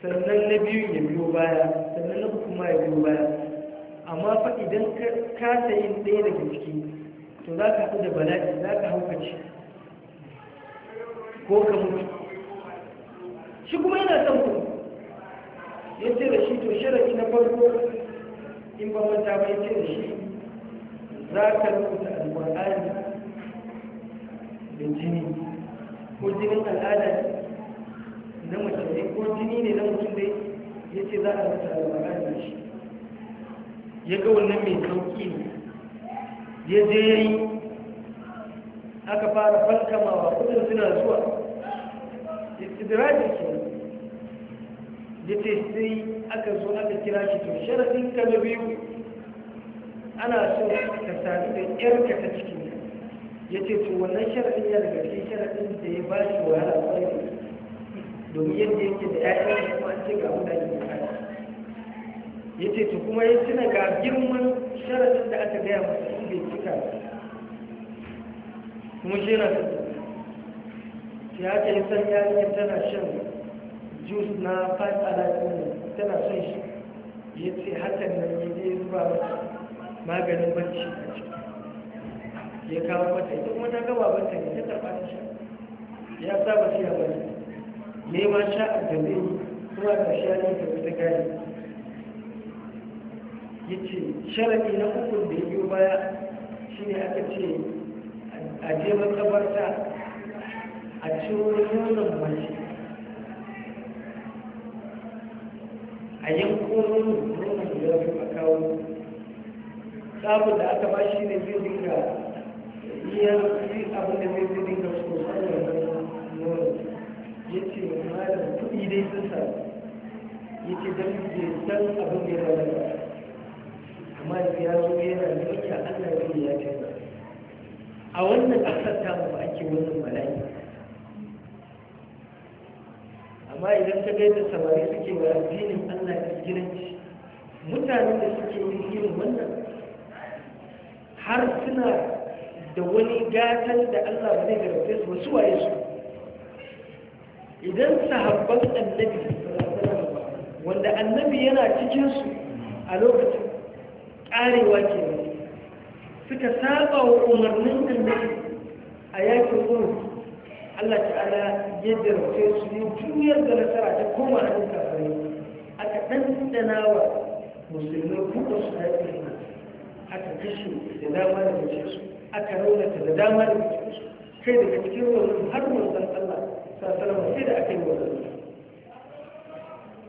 sannan na biyun ya biyo baya sannan na uku ma ya biyo baya amma fa idan ka sayi ɗaya daga ciki to za ka haɗu da bala'i za ka haukaci ko ka mutu shi kuma yana son ku ya ce da shi to sharafi na farko in ba manta ba ya ce da shi za ka rubuta alƙur'ani da jini ko jinin al'ada na mace ko jini ne na mutum dai ya ce za a rubuta alƙur'ani da shi ya ga wannan mai sauki ne ya je ya yi aka fara fankamawa kudin suna zuwa istidrajin ke ya ce sai aka zo aka kira shi to sharafin ka na biyu ana so ka sami da yarka ta cikin ya ce to wannan sharafin ya daga cikin sharafin da ya ba shi wahala kwarai domin yadda yake da 'ya'yan kuma ce ga abin da ya ce ta kuma ya tuna ga girman sharaɗin da aka gaya masa in bai cika kuma shi yana ta ya ce san yarinyar tana shan jus na five alaƙin tana son shi ya ce hakan nan ya zuba masa maganin barci a ciki ya kawo mata ita kuma ta gaba bata ne ta karɓa ta sha ya saba siya bane neman ma da zai yi kuma ta sha ne ta gani ya ce sharaɗi na hukun da yi baya shi ne aka ce a je matsabarta a ciro nonon mace a yanko nonon nonon da ya a kawo sabon da aka ba shi ne zai dinga iya abin da zai dinga sosai da nonon ya ce malam kuɗi dai sun sa ya ce don bai san abin da ya ba malik ya zo yana neman Allah ya yi ya ce a wannan ƙasar ta mu ake wannan bala'i amma idan ka ga yadda samari suke wa addinin Allah da gidanci mutanen da suke yin irin wannan har suna da wani gatan da Allah ba zai garfe su wasu waye su idan sahabban annabi wanda annabi yana cikin su a lokacin karewa ke suka saba wa umarnin annabi a yakin gudu Allah ta'ala ya jarfe su ne juyar da nasara ta koma a cikin kafare. aka ɗanɗana wa musulmai kuma su haifin aka kashe da dama da mace su aka raunata da dama da mace su kai daga cikin wani har wanzan Allah sa salama sai da aka yi wanzan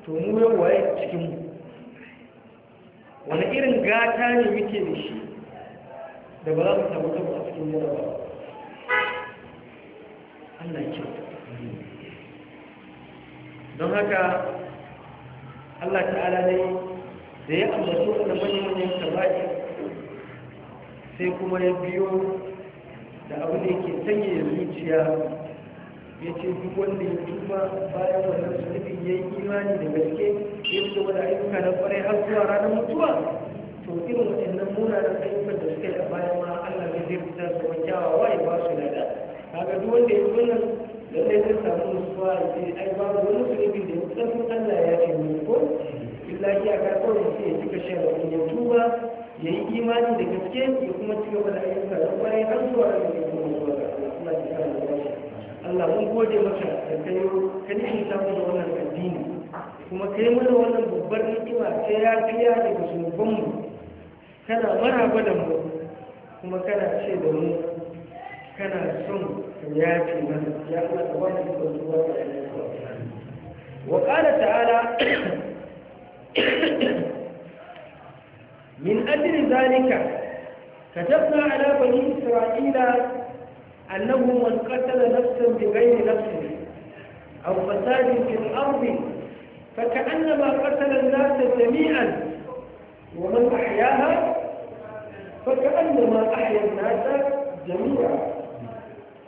to mu yau waye cikin mu wani irin gata ne muke da shi da ba za mu samu ta a cikin ba, Allah ya don haka Allah ta'ala ne da ya ambaci wannan manyan baki sai kuma ya biyo da abu da yake sanya zuciya ya ce duk wanda ya tuba bayan wannan zunubin ya yi imani da gaske ya ci gaba ayyuka na kwarai har zuwa ranar mutuwa to irin waɗannan munanan ayyukan da suka yi a bayan ma Allah ne zai fitar da kyawawa ya ba su lada kaga duk wanda ya yi wannan lallai zai samu nutsuwa ya ce ai babu wani zunubin da ya fitar Allah ya ce mu ko billahi a karɓar da ya cika shan rabin ya tuba ya yi imani da gaske ya kuma ci gaba da ayyuka na kwarai har zuwa ranar mutuwa kuma ci gaba da Allah mun gode maka da kai ka shi ta mu da wannan addini kuma kai da wannan babbar ni'ima ta yafiya daga mu kana maraba da mu kuma kana ce da mu kana son ka yafi mana ya Allah ka ba mu da zuwa da wa qala ta'ala min ajli zalika كتبنا ala bani isra'ila أنه من قتل نفسا بغير نفسه أو فساد في الأرض فكأنما قتل الناس جميعا ومن أحياها فكأنما أحيا الناس جميعا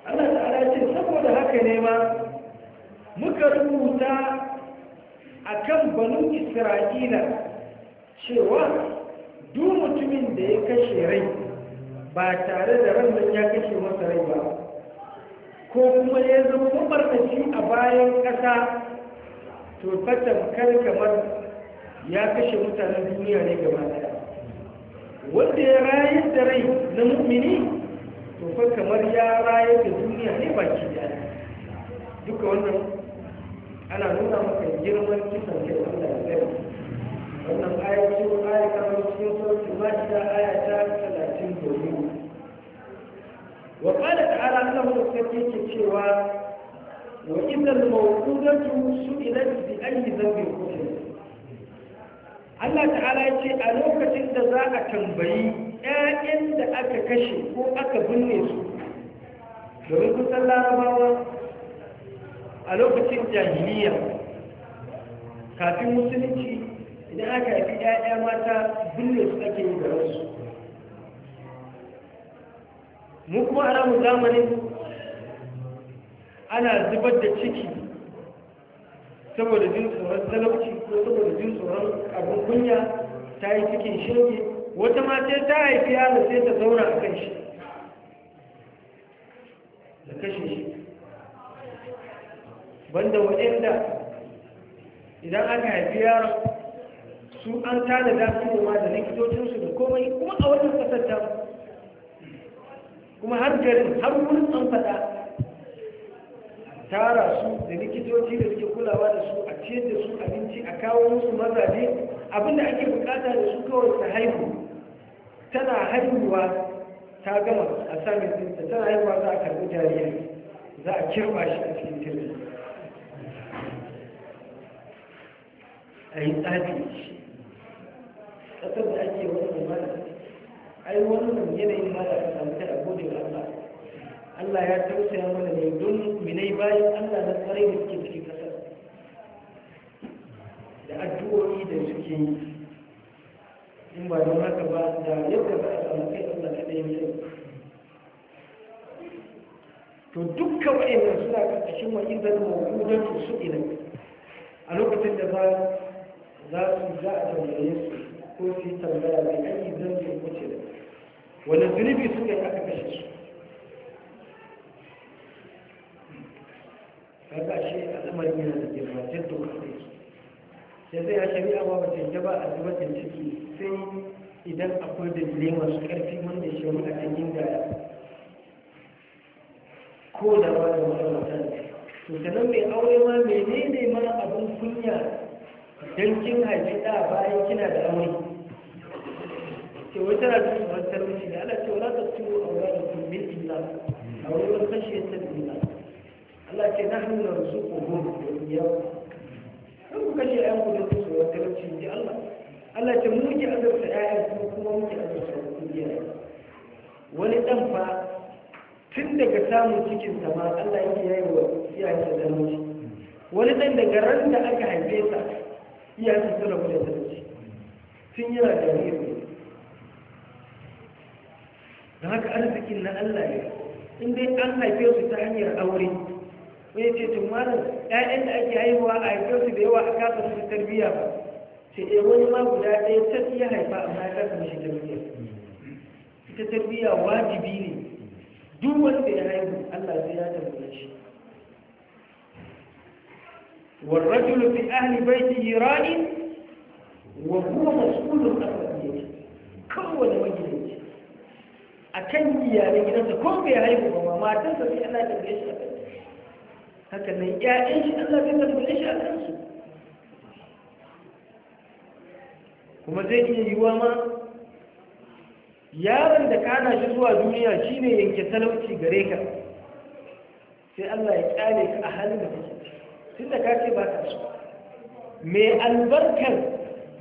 أنا تعالى ce لها كلمة مكرموتا أكم بنو إسرائيل شوا kan من ديك شريك ba tare da rannan ya kashe masa rai ba ko kuma ya zama mabarkaci a bayan ƙasa to fatan kar kamar ya kashe mutanen duniya ne gaba ɗaya wanda ya rayar da rai na mummini, to fa kamar ya rayar da duniya ne baki ɗaya duka wannan ana nuna maka girman kisan kai wanda ya zai wannan ayaci ayata cikin ba sautin ma'ida ayata talatin wa qala ta'ala annahu yake cewa wa innal mawqudatu su'ilat bi ayyi dhanbin qutilat Allah ta'ala ya ce a lokacin da za a tambayi ƴaƴan da aka kashe ko aka binne su domin kusan larabawa a lokacin jahiliya kafin musulunci idan aka haifi ƴaƴa mata binne su ake yi da wasu mu kuma a namu zamanin ana zubar da ciki saboda jin tsoron talauci ko saboda jin tsoron abin kunya ta yi cikin shirki wata sai ta haifi yaro sai ta zaura a kan shi da kashe shi banda waɗanda idan aka haifi yaro su an tana da ma da likitocinsu da komai kuma a wannan ƙasar ta kuma har garin har wurin an faɗa tara su da likitoci da suke kulawa da su a ciyar da su abinci a kawo musu mazaje abinda ake bukata da su kawai haihu tana haihuwa ta gama a samun dinta tana haihuwa za a karbi jariya, za a kirba shi a cikin tirki a yi shi ƙasar da ake wani ai wannan yanayin ma da ka samu kada gode wa Allah Allah ya tausaya mana ne don minai bayan Allah na tsare da suke cikin kasar da addu'o'i da suke yi in ba don haka ba da yadda ba a samu kai Allah ka ɗaya mai to dukkan wa'annan suna ƙarƙashin wa'izar mawudatu su ilai a lokacin da ba za su za a tambaye su ko su yi tambaya mai aiki zan ce kuce da wani zunubi suka yi aka kashe su kaga shi al'amarin yana da girma jaddu kafai sai zai a shari'a ba ba canje ba a zuba ciki sai idan akwai dalilai masu ƙarfi wanda shari'a ta yin da ko da ba da matsalatan to sanan mai aure ma ne ma abin kunya don kin haifi ɗa bayan kina da aure ce wai tana cikin tsoron talauci ne Allah ce wala taqtu awladakum min illa aw la ta illa Allah ce nahnu narzuquhum wa iyyakum kan ku kashe ayan ku da ku tsoron talauci ne Allah Allah ce mu muke azurta ayan ku kuma muke azurta iyaye wani dan fa tun daga samun cikin sa ma Allah yake yayi wa iyaye da talauci wani dan daga ran da aka haife sa iyaye su rabu da talauci tun yana da riri da haka arzikin na Allah ne in dai an haife su ta hanyar aure wani ce tun malam ƴaƴan da ake haihuwa a haife su da yawa a kasa su tarbiyya ba sai dai wani ma guda ɗaya ta iya haifa amma ya kasa mishi tarbiyya ita tarbiyya wajibi ne duk wanda ya haihu Allah zai ya tambaye shi والرجل في أهل بيته راء وهو مسؤول عن ربيته كون وجهه a kan iyalan gidansa ko bai haihu ba matansa sai ana ya tambaye shi a kan haka nan ƴaƴan shi Allah zai tambaye shi a kan kuma zai iya yiwuwa ma yaron da ka hana shi zuwa duniya shine yanke talauci gare ka sai Allah ya kyale ka a halin da kake tun da ka ce ba ka so mai albarkar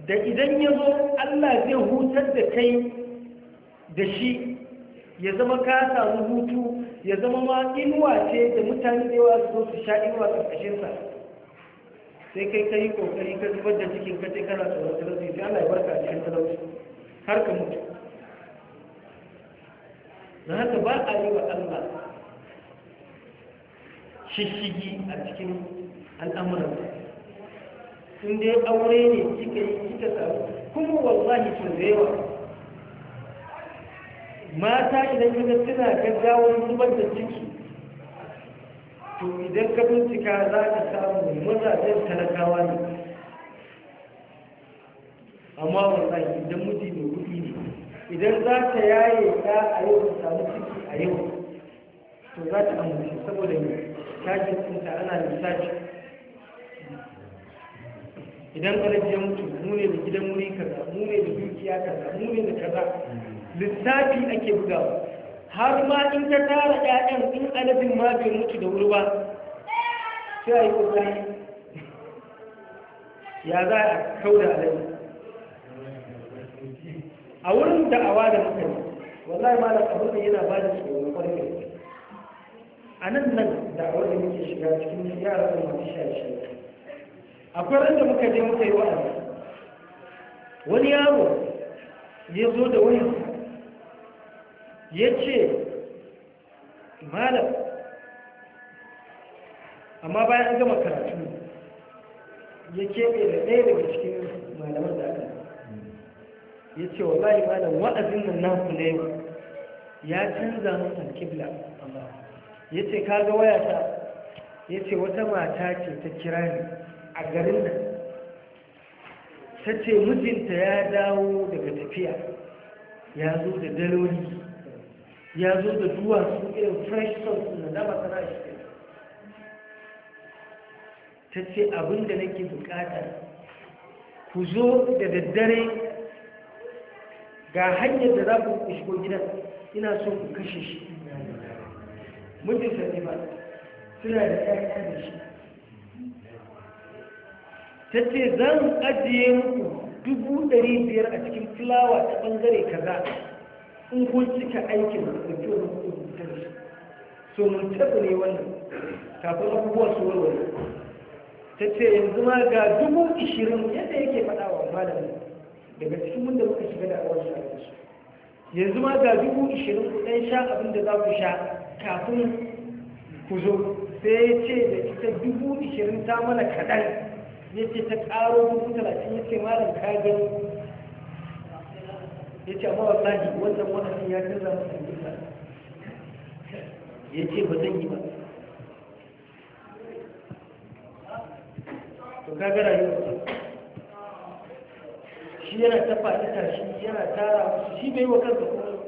da idan ya zo Allah zai hutar da kai da shi ya zama ka samu hutu ya zama ma inuwa ce da mutane da yawa su zo su sha inuwa ƙarƙashinsa sai kai ka yi ƙoƙari ka zubar da cikin ka sai kana tsoron talauci sai Allah ya barka a cikin talauci har ka mutu na haka ba a yi wa Allah shishigi a cikin al'amuran sun dai aure ne kika yi kika samu kuma wallahi sun da yawa mata idan kaga suna gaggawar zubar da ciki to idan ka bincika za ka samu mazajen talakawa ne amma wallahi idan miji mai kudi ne idan za ta yaye ta a yau ta samu ciki a yau to za ta amince saboda ne tashin cinta ana lissafi idan alaji ya mutu mune da gidan muri kaza mune da dukiya kaza mune da kaza lissafi ake bugawa har ma in ta tara ƴaƴan in alabin ma bai mutu da wuri ba sai a yi ƙoƙari ya za a kau da alabi a wurin da awa da mutane wallahi ma da abin yana ba da tsoro ƙwarfe a nan nan da a da muke shiga cikin yara da masu shashe akwai da muka je muka yi wa'azi wani yaro ya zo da wani ya ce malam amma bayan an gama karatu ya keɓe da ɗaya daga cikin malaman da aka ya ce wa bayi malam wa'azin nan naku na yau ya canza mun amma. ya ce kaga wayata ya ce wata mata ce ta kira ni a garin nan ta ce mijinta ya dawo daga tafiya ya zo da daloli ya zo da duwatsu irin fresh sauce na dama tana shi ta ce abinda nake bukata ku zo da daddare ga hanyar da za ku shigo gidan ina so ku kashe shi mutum sani ba suna da ƴaƴa da shi ta ce zan ajiye muku dubu ɗari biyar a cikin fulawa ta ɓangare kaza in kun cika aikin da ɗauki wani kuɗin kan shi so mun taɓa ne wannan kafin abubuwan su warware ta ce yanzu ma ga dubu ishirin yadda yake faɗa wa malamin daga cikin wanda muka shiga da awon shafi su yanzu ma ga dubu ishirin ku sha abin da za ku sha kafin ku zo sai ya ce da ita dubu ishirin ta mana kaɗan ya ce ta ƙaro dubu talatin ya ce malam ka gani ya ce amma wallahi wannan wa'azin ya canza masa nisa ya ce ba zan yi ba to gara rayuwar shi yana ta tashi yana tara shi bai wa kansa kuma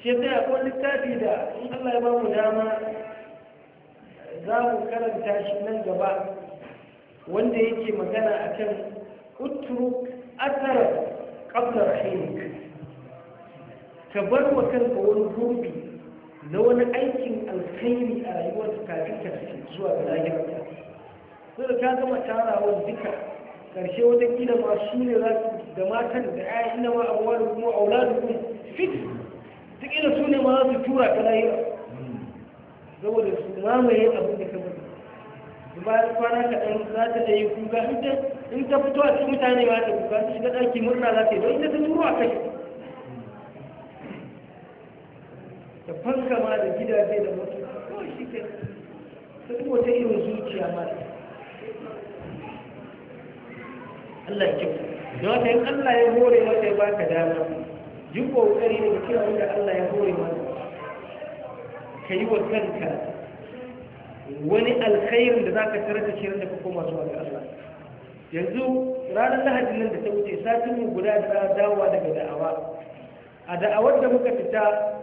shi sai akwai littafi da in Allah ya ba mu dama za mu karanta shi nan gaba wanda yake magana akan utruk athara qabla rahilik ka bar wa kanka wani rubi na wani aikin alkhairi a rayuwar ta kafin ka zuwa ga lahirar ta sai da ka gama tarawa duka karshe wata kila ma su ne za su da matan da ya ina ma abuwa da kuma auladu kun fit duk ina su ne ma za su tura ka lahira saboda su mamaye abin da ka bari bayan kwana kaɗan za ta ta yi kuka in ta fito a cikin mutane ma ta kuka su shiga ɗaki murna za ta yi don ita ta turo a kai da fanka ma da gidaje da wasu kawai shi ke sai wata irin zuciya ma Allah ya da wata yin Allah ya hore maka ya baka dama yi kokari da kira wanda Allah ya hore maka ka yi wa kanka wani alkhairin da za ka da shirin da ka koma zuwa ga Allah yanzu ranar lahadin nan da ta wuce satin guda da dawowa daga da'awa a da'awar da muka fita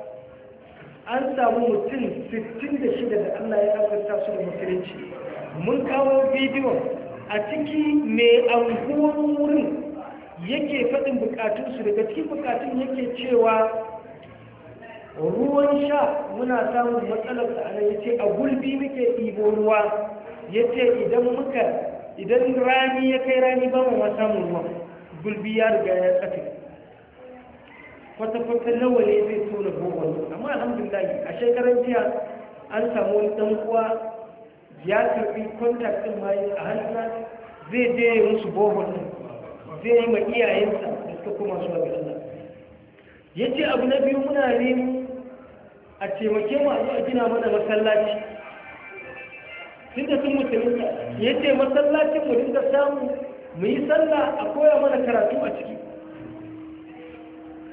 an samu mutum 66 da Allah ya azurta su da musulunci mun kawo bidiyo a ciki mai anguwar wurin yake faɗin bukatunsu daga cikin bukatun yake cewa ruwan sha muna samun matsalar sa ana yace a gulbi muke ɗibo ruwa yace idan muka idan rani ya kai rani ba mu ma samun ruwa gulbi ya riga ya tsafe kwata-kwata nawa ne zai tona gogon amma alhamdulillah a shekaran jiya an samu wani dan kuwa ya karbi kontak din mai a hannuna zai je musu gogon din zai yi ma iyayensa da suka koma su daga Allah ya ce abu na biyu muna nemi a taimake mu a gina mana masallaci tun sun mutumin ya ce masallacin mu dinga samu mu yi sallah a koya mana karatu a ciki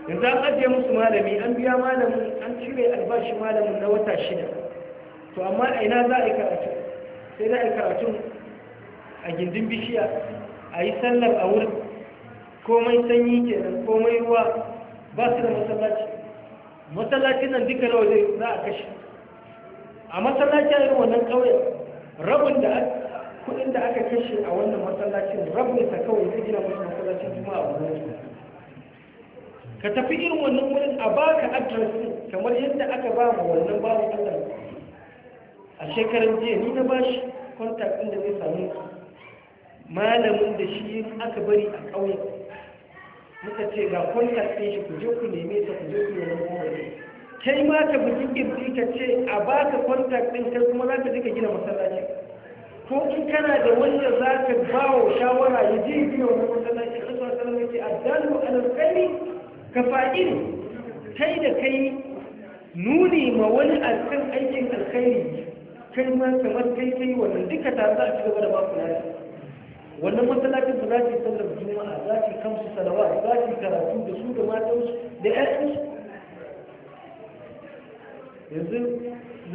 yanzu an ajiye musu malami an biya malamin an cire albashi malamin na wata shida to amma a ina za a yi karatu sai za a yi karatu a gindin bishiya a yi sallar a wurin komai sanyi kenan komai ruwa ba su da masallaci masallacin nan duka nawa waje za a kashe a masallaci a wannan kawai rabin da kudin da aka kashe a wannan masallacin rabin sa kawai zai gina masu masallacin juma'a a wurin ka tafi irin wannan wurin a baka adresin kamar yadda aka ba mu wannan babu Allah a shekaran jiya ni na bashi contact ɗin da zai samu malamin da shi aka bari a ƙauye muka ce ga contact din shi ku je ku neme ta ku je ku yi wani kowane kai ma ka bugi kirji ka ce a baka contact din kai kuma za ka ji ka gina masallaci ko in kana da wanda za ka ba wa shawara ya je gina wani masallaci a sallallahu alaihi wa a ya ka fa'in kai da kai nuni ma wani a akan aikin alkhairi kai ma kamar kai kai wannan duka ta za a ci gaba da baku lafi wannan masallacin ba za ta yi sallar juma'a za ta kamsu salawa za ta karatu da su da matansu da ƴaƴansu yanzu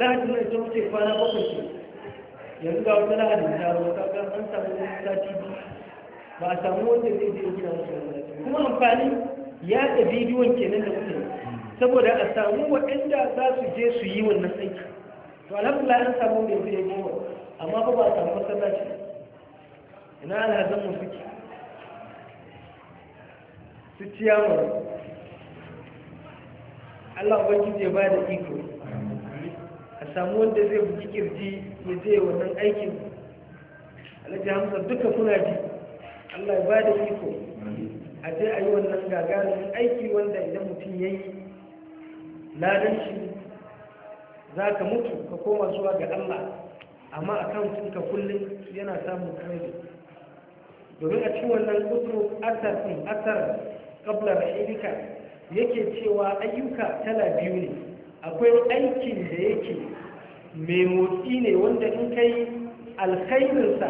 lahadin nan ita wuce kwana bakwai ce yanzu ga wata lahadin ta zo ta ga an samu wani sati ba a samu wanda zai je gina musu kuma amfani ya da bidiyon kenan da muke saboda a samu waɗanda za su je su yi wannan aiki to alhamdulillah an samu mai zai yi amma ba ba a samu masallaci ina alhazan mu suke su mu Allah ubangiji ya ba da iko a samu wanda zai buki kirji ya je wannan aikin alhaji hamsa duka kuna ji Allah ya ba da iko a ce a yi wannan gagarin aiki wanda idan mutum ya yi ladan shi za ka mutu ka koma zuwa ga allah amma a kan ka kullum yana samun kare domin a cikin wannan kusuru asar ɗin asar kabla rahilika yake cewa ayyuka tala biyu ne akwai aikin da yake mai motsi ne wanda in kai alkhairinsa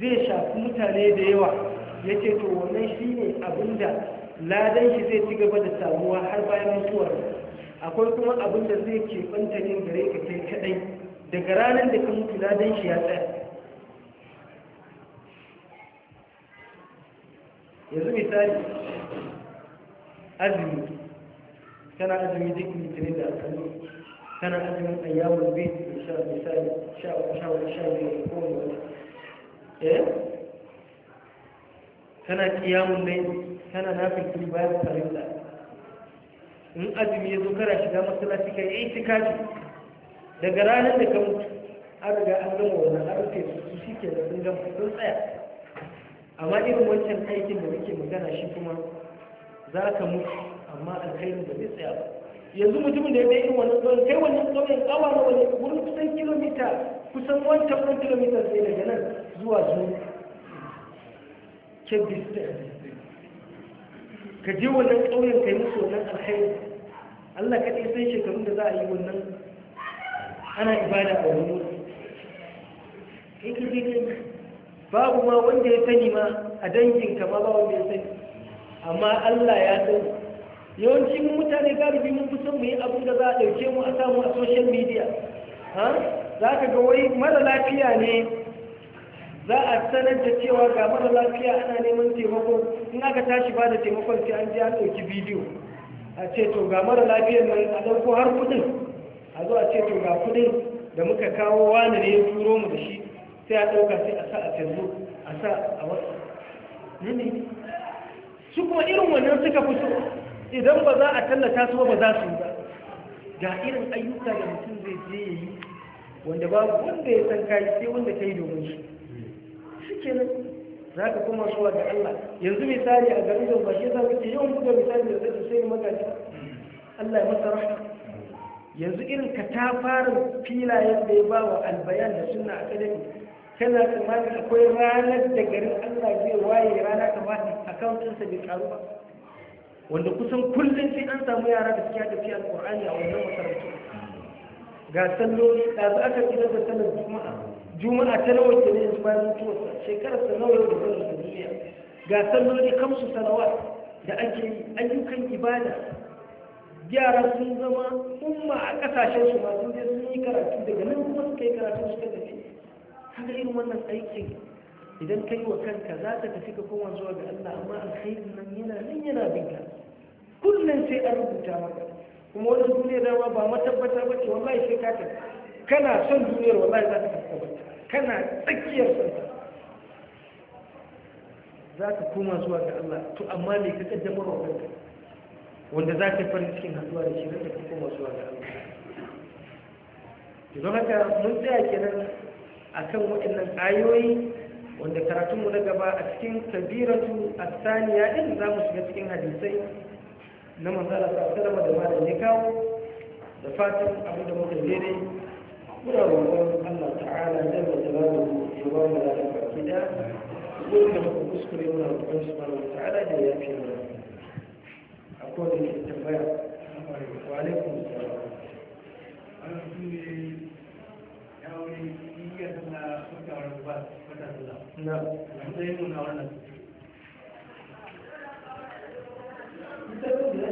zai shafi mutane da yawa ya ce to wannan shi ne abinda ladan shi zai ci gaba da samuwa har bayan mutuwar akwai kuma abinda zai ke ne gare ka kai kaɗai daga ranar da ka mutu ladan shi ya tsaya yanzu misali azumi kana azumi duk litinin da alkanu kana azumin ayyawar bai misali sha uku sha ko wani wata. kana kiyamun lai kana nafin kiri bayan farilla in azumi ya zo kara shiga masallaci kai yi tikafi daga ranar da ka mutu an riga an gama wannan an rufe su shi ke da sun gama sun tsaya amma irin wancan aikin da muke magana shi kuma za ka mutu amma alkhairin da zai tsaya ba yanzu mutumin da ya bai irin wannan tsawon kai wannan tsawon tsawa na wani wurin kusan kilomita kusan wancan kilomita sai daga nan zuwa zuwa step by step ka je wannan ƙauyen yi musu wannan alhairi Allah ka ɗaya san shekarun da za a yi wannan ana ibada a wani wuri kai ka babu ma wanda ya sani ma a danginka ma ba wanda ya sani amma Allah ya sani yawancin mutane galibi mun fi son mu yi abin da za a ɗauke mu a samu a social media ha za ka ga wai mara lafiya ne za a sanar da cewa ga mara lafiya ana neman taimako in aka tashi ba da taimakon sai an je an ɗauki bidiyo a ce to ga mara lafiyar nan a ɗauko har kuɗin a zo a ce to ga kuɗin da muka kawo wani ne ya turo mu da shi sai a ɗauka sai a sa a canzo a sa a wasu nini su kuma irin wannan suka fi so idan ba za a tallata su ba za su ba ga irin ayyuka da mutum zai je ya yi wanda babu wanda ya san kai sai wanda ta yi domin shi kenan za ka kuma zuwa ga Allah yanzu misali a garin da ba shi za ka ce yawan buga misali da zai sai magaji Allah ya masa rahama yanzu irin ka ta fara filayen da ya ba wa albayan da sunna academy kana tsammani akwai ranar da garin Allah zai waye rana kamar akan ɗinsa bai karu ba wanda kusan kullum sai an samu yara da suke tafiya alƙur'ani a wannan makarantu ga sallo ɗazu aka gidan da sallar juma'a juma'a ta nawa ke ne bayan mutuwarsa shekarar sa nawa yau da barin sa duniya ga salloli kamsu salawat da ake yi ayyukan ibada yara sun zama umma a kasashen su masu je sun yi karatu daga nan kuma suka yi karatu suka tafi haka irin wannan aikin idan ka yi wa kanka za ka tafi ka koma zuwa ga Allah amma alkhairin nan yana nan yana bin ka kullum sai a rubuta maka kuma wannan duniya dama ba matabbata ba ce wallahi sai ka tafi kana son duniyar wallahi za ka fuskanta kana tsakiyar son za ka koma zuwa ga Allah to amma me ka kaddamar wa kanka wanda za ka farin cikin haduwa da shi da ka koma zuwa ga Allah don haka mun tsaya kenan akan waɗannan ayoyi wanda karatunmu na gaba a cikin kabiratu asaniya din za mu shiga cikin hadisai na manzala sallallahu alaihi da malam ya kawo da fatan abin da muka daidai كل رمضان الله تعالى جل جلاله في رمضان الاعتداء يقول لهم اذكر يوم ربنا سبحانه وتعالى لا يكفي من اقول لك التفاعل وعليكم السلام أنا نعم نعم نعم نعم نعم نعم نعم نعم نعم نعم